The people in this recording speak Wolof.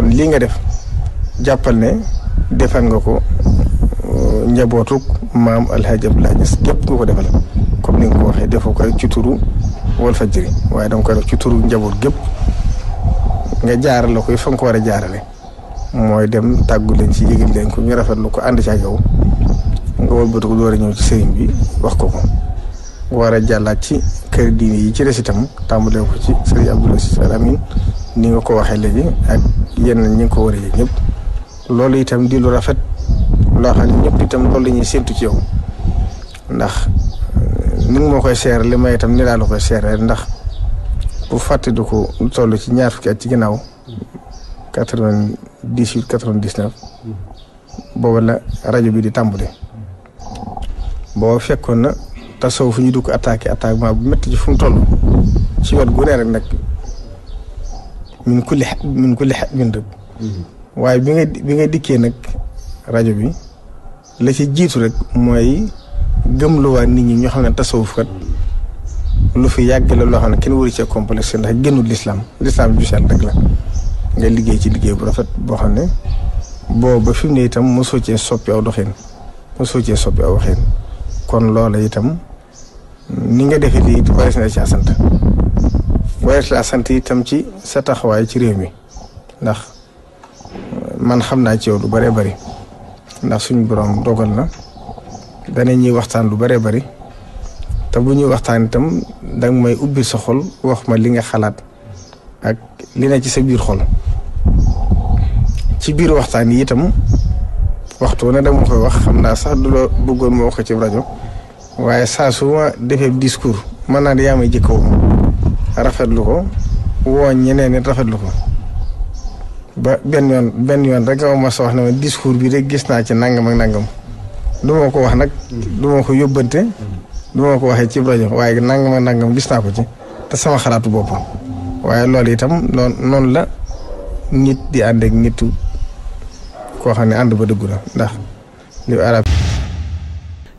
kon lii nga def jàppal ne defal nga ko euh, njabootuk maam Alhaji Abdoulaye Niass képp nga ko defal comme ni nga ko waxee defoo ko rek ci turu Walfadjri waaye danga koy def ci turu njaboot gépp nga jaarale ko fa nga ko war a jaarale mooy dem tàggu leen ci yëgal leen ko ñu rafetlu ko ànd ci ak yow nga wëlbatiku door a ñëw ci sëriñ bi wax ko ko. war a jàllaat ci kër diine yi ci des itam tàmbalee ko ci sëriñ Abdoul Aziz Al Amine ni nga ko waxee léegi ak yenn ñi nga ko war a yëg ñëpp loolu itam di lu rafet loo xam ne ñëpp itam loolu la ñuy séntu ci yow ndax ni nga ma koy seer li may itam ni laa la koy seeree ndax bu fàttali ko lu toll ci ñaar fukki at ci ginnaaw quatre-vingt-dix-huit quatre vingt dix rajo bi di tàmbale boo fekkoon na. fu ñu du ko attaqué attaquement bu metti ci fu ci wet gu ne rek nag min kulli xa min kulli xa min rek mm-hmm. waaye bi nga nga dikkee nag rajo bi la ci jiitu rek mooy gëmluwaat nit ñi ñoo xam ne tasawuf kat lu fi yàgg la loo xam ne kenn wëri cee complexe ndax génnul lislaam lislaam ju sell rek la nga liggéey ci liggéey bu rafet boo xam ne boobu ba fi mu ne itam mosoo cee soppi aw doxin mosoo cee soppi aw waxin kon loola itam ni nga defee lii it warees na caa sant warees laa sant itam ci sa taxawaay ci réew mi ndax euh, man xam naa ci yow lu bëree bari ndax suñu borom dogal na dana ñuy waxtaan lu bëree bari te bu ñuy waxtaan itam danga may ubbi sa xol wax ma li nga xalaat ak li ne ci sa biir xol ci biir waxtaan yi itam waxtu ne dama koy wax xam naa sax du la bëggoon ma wax ko ci rajo. waaye saa su ma defee discours man naa di yaa may jëkkawoo rafetlu ko woo ñeneen nit rafetlu ko ba benn yoon benn yoon rek nga ma sa wax ne ma discours bi rek gis naa ci nangam ak nangam du ko wax nag du ko yóbbante du ko waxee ci rajo waaye nangam ak gis naa ko ci te sama xalaatu bopp waaye loolu itam noonu noonu la nit di ànd ak nitu koo xam ne ànd ba dëggu la ndax li arab